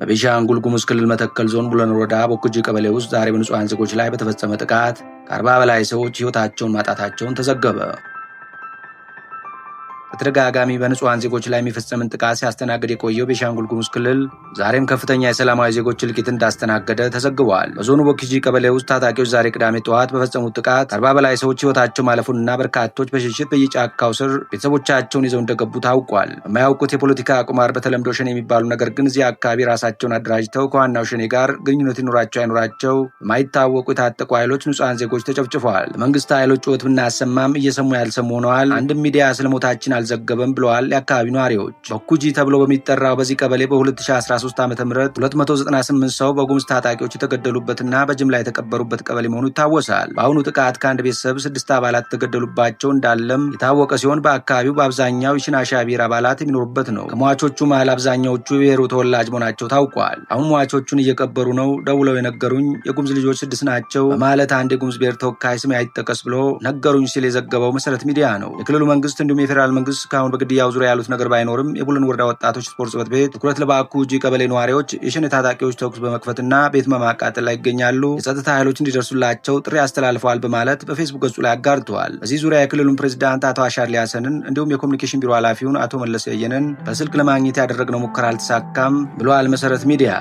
በቤኒሻንጉል ጉሙዝ ክልል መተከል ዞን ቡለን ወረዳ በኩጂ ቀበሌ ውስጥ ዛሬ በንጹሐን ዜጎች ላይ በተፈጸመ ጥቃት ከአርባ በላይ ሰዎች ሕይወታቸውን ማጣታቸውን ተዘገበ። በተደጋጋሚ በንጹሐን ዜጎች ላይ የሚፈጸምን ጥቃት ሲያስተናግድ የቆየው ቤኒሻንጉል ጉሙዝ ክልል ዛሬም ከፍተኛ የሰላማዊ ዜጎች እልቂት እንዳስተናገደ ተዘግቧል። በዞኑ ቦኪጂ ቀበሌ ውስጥ ታጣቂዎች ዛሬ ቅዳሜ ጠዋት በፈጸሙት ጥቃት ከአርባ በላይ ሰዎች ህይወታቸው ማለፉንና በርካቶች በሽሽት በየጫካው ስር ቤተሰቦቻቸውን ይዘው እንደገቡ ታውቋል። በማያውቁት የፖለቲካ ቁማር በተለምዶ ሸኔ የሚባሉ ነገር ግን እዚህ አካባቢ ራሳቸውን አደራጅተው ከዋናው ሸኔ ጋር ግንኙነት ይኖራቸው አይኖራቸው የማይታወቁ የታጠቁ ኃይሎች ንጹሐን ዜጎች ተጨፍጭፈዋል። መንግስት ኃይሎች ጩኸት ብናሰማም እየሰሙ ያልሰሙ ሆነዋል። አንድም ሚዲያ ስለሞታችን አልዘገበም ብለዋል የአካባቢ ነዋሪዎች። በኩጂ ተብሎ በሚጠራው በዚህ ቀበሌ በ2013 ዓ ም 298 ሰው በጉምዝ ታጣቂዎች የተገደሉበትና በጅምላ የተቀበሩበት ቀበሌ መሆኑ ይታወሳል። በአሁኑ ጥቃት ከአንድ ቤተሰብ ስድስት አባላት የተገደሉባቸው እንዳለም የታወቀ ሲሆን በአካባቢው በአብዛኛው የሽናሻ ብሔር አባላት የሚኖሩበት ነው። ከሟቾቹ መሃል አብዛኛዎቹ የብሔሩ ተወላጅ መሆናቸው ታውቋል። አሁን ሟቾቹን እየቀበሩ ነው ደውለው የነገሩኝ የጉምዝ ልጆች ስድስት ናቸው በማለት አንድ የጉምዝ ብሔር ተወካይ ስም አይጠቀስ ብሎ ነገሩኝ ሲል የዘገበው መሰረት ሚዲያ ነው። የክልሉ መንግስት እንዲሁም የፌዴራል መንግስት እስካሁን በግድያው ዙሪያ ያሉት ነገር ባይኖርም የቡለን ወረዳ ወጣቶች ስፖርት ጽበት ቤት ትኩረት ለባኩ ጂ ቀበሌ ነዋሪዎች የሸኔ ታጣቂዎች ተኩስ በመክፈትና ቤት በማቃጠል ላይ ይገኛሉ፣ የጸጥታ ኃይሎች እንዲደርሱላቸው ጥሪ አስተላልፈዋል በማለት በፌስቡክ ገጹ ላይ አጋርተዋል። በዚህ ዙሪያ የክልሉን ፕሬዚዳንት አቶ አሻር ሊያሰንን እንዲሁም የኮሚኒኬሽን ቢሮ ኃላፊውን አቶ መለስ የየንን በስልክ ለማግኘት ያደረግነው ሙከራ አልተሳካም ብለዋል መሰረት ሚዲያ